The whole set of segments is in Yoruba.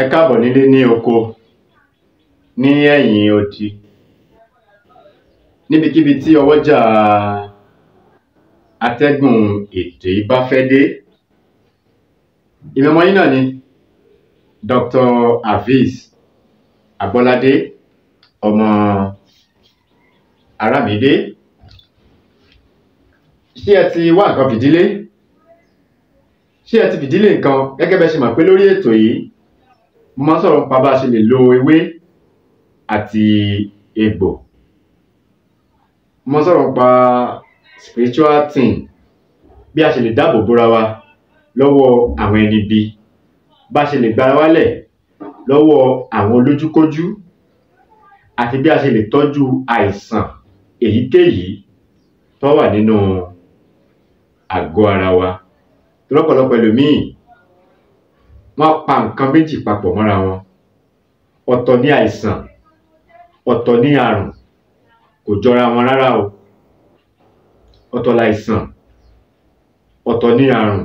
ẹ káàbọ̀ nílé ní oko ní ẹ̀yìn odi níbikíbi tí ọwọ́jà atẹ́gùn èdè bá fẹ́ dé ìmọ̀mọ́ yín náà ni Dr. Aviz Agbọ́ládé ọmọ Arámidé ṣé ẹ ti wá nǹkan fìdílé ṣé ẹ ti fìdílé nǹkan gẹ́gẹ́ bẹ́ẹ̀ ṣe mọ̀ pé lórí ètò yìí mo máa sọ̀rọ̀ nípa bá a ṣe lè lo ewé àti egbò mo sọ̀rọ̀ nípa spiritual thing bí a ṣe lè dáàbò bóra wa lọ́wọ́ àwọn ẹni bí bá a ṣe lè gbára wálẹ̀ lọ́wọ́ àwọn olójúkójú àti bí a ṣe lè tọ́jú àìsàn èyíkéyìí tó wà nínú àgọ́ ara wa lọ́pọ̀lọpọ̀ ẹlòmíì wọ́n pa nǹkan méjì papọ̀ mọ́ra wọn ọ̀tọ̀ ní àìsàn ọ̀tọ̀ ní àrùn kò jọra wọn rárá o ọ̀tọ̀ láìsàn ọ̀tọ̀ ní àrùn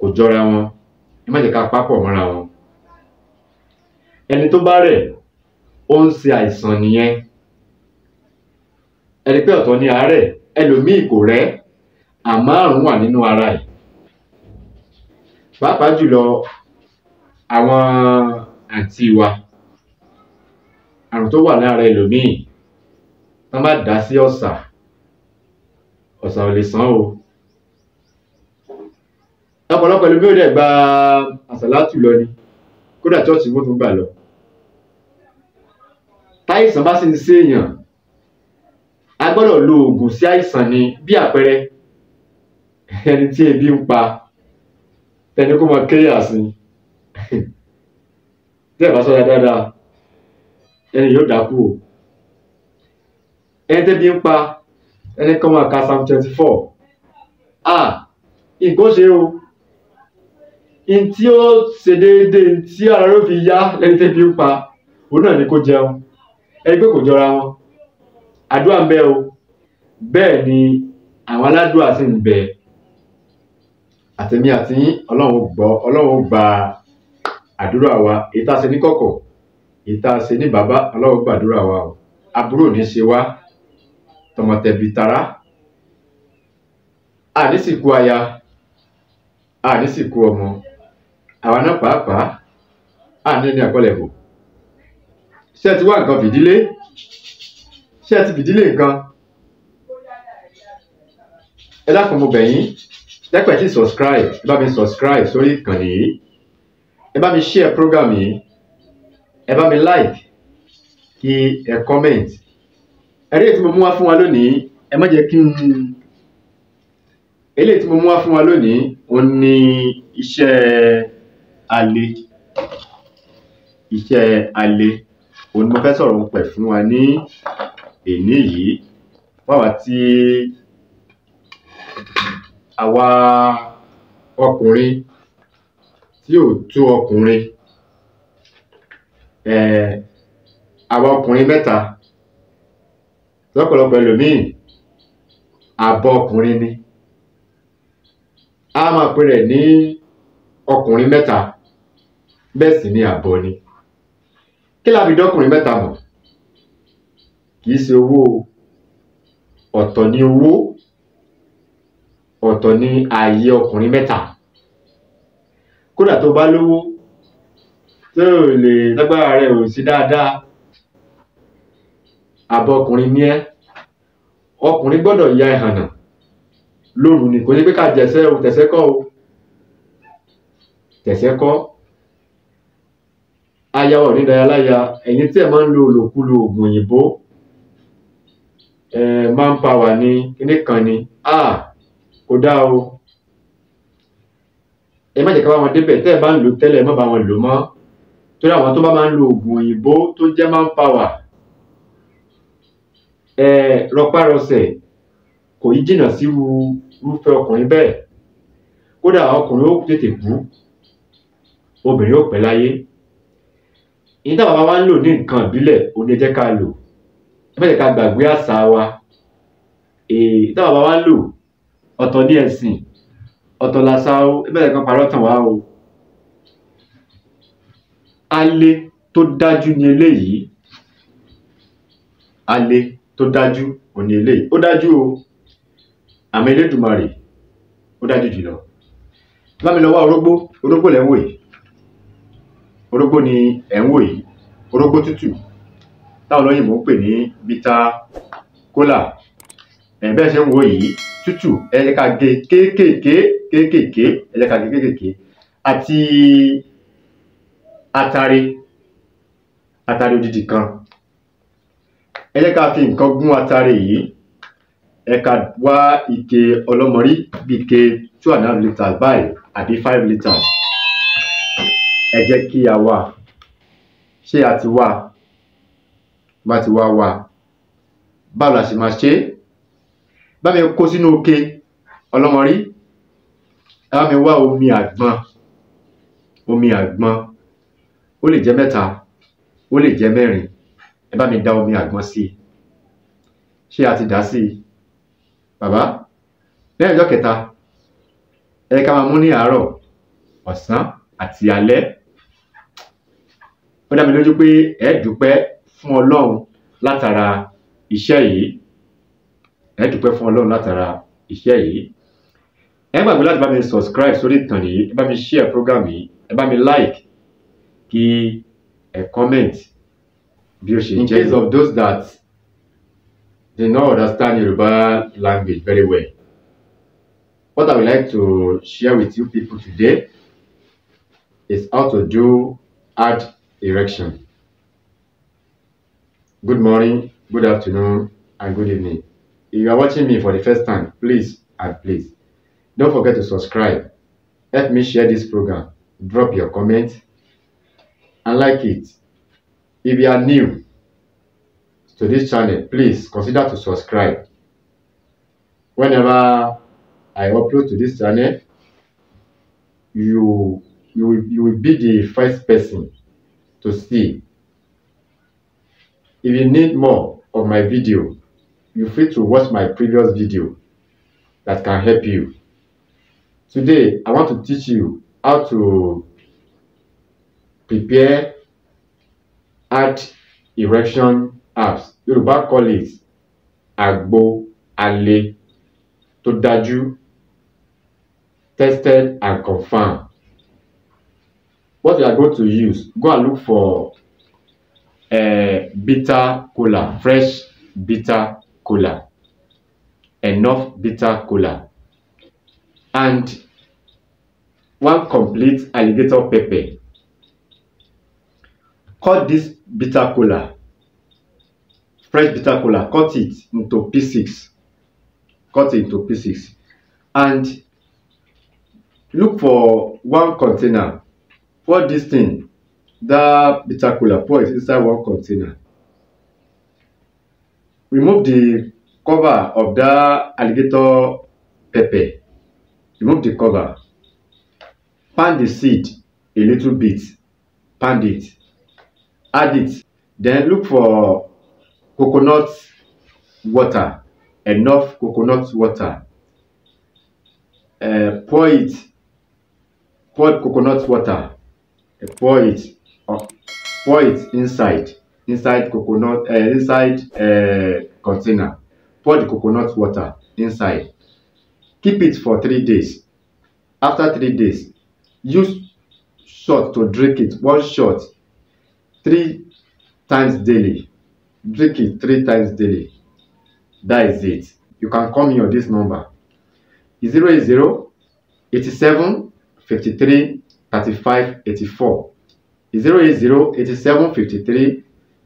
kò jọra wọn ẹ má jẹ́ ká papọ̀ mọ́ra wọn ẹni tó bá rẹ̀ ó ń ṣe àìsàn nìyẹn ẹni pé ọ̀tọ̀ ní àárẹ̀ ẹlòmíì kò rẹ̀ àmọ́ àrùn wà nínú ara yìí pàápàá jùlọ àwọn àǹtí wa àrùn tó wà lára ẹlòmíì tán bá dá sí ọ̀sà ọ̀sà ò lè sàn o ọ̀pọ̀lọpọ̀ ẹlòmíì ò dẹ̀ gba àsàlátù lọ ni kódà chọ́ọ̀chì wọ́n tún gbà lọ táìsàn bá sì ń ṣèèyàn a gbọ́dọ̀ lo oògùn sí àìsàn ni bí àpẹẹrẹ ẹni tí ebi ń pa tẹni kó máa kéyà sí tẹ́ ẹ̀ bá o ẹni tẹ́bi ń pa ẹni kan máa ka psalm twenty four ah nǹkan ṣe o ntí ó ṣe déédéé ntí ara ló fi yá lẹ́ni tẹ́bi ń pa òun na ni kó jẹun ẹni pé kò jọra wọn àdúrà ń bẹ o bẹ́ẹ̀ ni àwọn aládùn àti ń àtẹ̀mí àti yín ọlọ́run gbọ́ ọlọ́run gba àdúrà wa èyí tá a ṣe ní kọ̀kọ̀ èyí tá a ṣe ní bàbá ọlọ́run gba àdúrà wa o aburú ò ní ṣe wá tọmọtẹ̀bí tara àníṣìkú aya àníṣìkú ọmọ àwa náà pàápàá àní ní àkọlẹ̀bọ̀ ṣé ẹ ti wá nǹkan fìdílé ṣé ẹ ti fìdílé nǹkan ẹ dákun mo bẹ̀ yín lẹ́pẹ̀ tí subscribe ẹ bá mi subscribe sórí ìkànnì yìí ẹ bá mi share program yìí ẹ bá mi like kí ẹ comment ẹ̀rí èyí tí mo mú wá fún wa lónìí ẹ má jẹ́ kí n eléyìí tí mo mú wá fún wa lónìí òun ni iṣẹ́ alẹ́ iṣẹ́ alẹ́ òun ni mo fẹ́ sọ̀rọ̀ pẹ̀ fún wa ní èní yìí wáwá tí àwa ọkùnrin tí ò tó ọkùnrin um àwa ọkùnrin mẹ́ta lọ́pọ̀lọpọ̀ ẹlòmíì àbọ̀ ọkùnrin ni á máa pe rẹ̀ ní ọkùnrin mẹ́ta bẹ́ẹ̀ sì ni àbọ̀ ni kí la fi dọ́kùnrin mẹ́ta mọ̀ kì í ṣe owó ọ̀tọ̀ ni owó ọ̀tọ̀ ni ààyè ọkùnrin mẹ́ta kódà tó bá lówó tó lè lágbára rẹ ò sí dáadáa àbọ̀ ọkùnrin ní ẹ́ ọkùnrin gbọ́dọ̀ ya ìhànà lóru ni kò ní pé ká jẹ̀sẹ̀ o tẹ̀sẹ̀ kọ́ o tẹ̀sẹ̀ kọ́ aya ọ̀ ní dayaláya ẹ̀yin tí ẹ̀ máa ń lo olòkulò oògùn òyìnbó ẹ̀ eh, máa ń pa wà ní kíní kan ni ah kò dáa o ẹ má jẹ́ ká bá wọn débẹ̀ tẹ́ ẹ bá ń lò tẹ́lẹ̀ ẹ má bá wọn lò mọ́ torí àwọn tó bá máa ń lo oògùn òyìnbó tó jẹ́ máa ń pàwà ẹ rọpárọsẹ̀ kò í jìnnà sí irúfẹ́ ọkùnrin bẹ́ẹ̀ kódà ọkùnrin ó tètè kú obìnrin ó pẹ́ láyé ìyẹn táwọn bàbá wa ń lò ní nǹkan ìbílẹ̀ òní ẹ jẹ́ ká lò ẹ má jẹ́ ká gbàgbé àṣà wa èyí táwọn bàbá wa ń lò ọ̀tọ̀ ní ẹ̀sìn ọ̀tọ̀ làṣà o ẹgbẹ́rẹ̀ kan parọ́ tàn wá o alé tó dájú ni eléyìí alé tó dájú òní eléyìí ó dájú o àmì Elédùmarè ó dájú jùlọ lámì lọ́wọ́ orógbó orógbó lẹ́ ń wò yìí orógbó ni ẹ̀ ń wò yìí orógbó tútù táwọn olóyìnbó ń pè ní bitter kola bẹ́ẹ̀ ṣe ń wo yìí tútù ẹ jẹ́ ká gé kéékèèké kéékèèké ẹ jẹ́ ká gé kéékèèké àti atare atare odidi kan ẹ jẹ́ ká fi nǹkan gún atare yìí ẹ ká wá ike ọlọ́mọrí bíi ike two and a half litres báyìí àbí five litres ẹ jẹ́ kí a wà ṣé a ti wà bá ti wá wà báwo la ṣe máa ṣe é bá mi kó sínú òkè ọlọ́mọrí ẹ bá mi wá omi àgbọn omi àgbọn ó lè jẹ́ mẹ́ta ó lè jẹ́ mẹ́rin ẹ bá mi dá omi àgbọn sí i ṣé a ti dá sí i bàbá lẹ́yìn ọjọ́ kẹta ẹ ká máa mú ní àárọ̀ ọ̀sán àti alẹ́ ó dá mi lójú pé ẹ dúpẹ́ fún Ọlọ́run látara iṣẹ́ yìí ẹ dúpẹ́ fún ọlọ́run látara iṣẹ́ yìí ẹ gbàgbé láti bá mi subscribe sórí ìtàn yìí ẹ bá mi share program yìí ẹ bá mi like kí ẹ comment bí ó ṣe in case of those that they no understand Yoruba language very well what I would like to share with you people today is how to do hard erection. Good morning, good afternoon, and good evening. If you are watching me for the first time, please and ah, please, don't forget to subscribe. Help me share this program. Drop your comment and like it. If you are new to this channel, please consider to subscribe. Whenever I upload to this channel, you you will, you will be the first person to see. If you need more of my video, you free to watch my previous video that can help you. Today, I want to teach you how to prepare add erection apps. Yoruba call it agbo ale to daju tested and confirmed. What you are going to use, go and look for uh, bitter cola, fresh bitter cola, enough bitter cola, and one complete alligator pepper. Cut this bitter cola, fresh bitter cola, cut it into pieces. Cut it into pieces. And look for one container. Pour this thing, that bitter cola, pour it inside one container. remove the cover of that alligator pepper remove the cover pound the seed a little bit pound it add it then look for coconut water enough coconut water uh, pour it pour coconut water uh, pour it uh, pour it inside inside coconut uh, inside eh, container pour the coconut water inside keep it for three days after three days use shot to drink it one shot three times daily drink it three times daily that is it you can call me on this number 00 87 53 35 84 87 53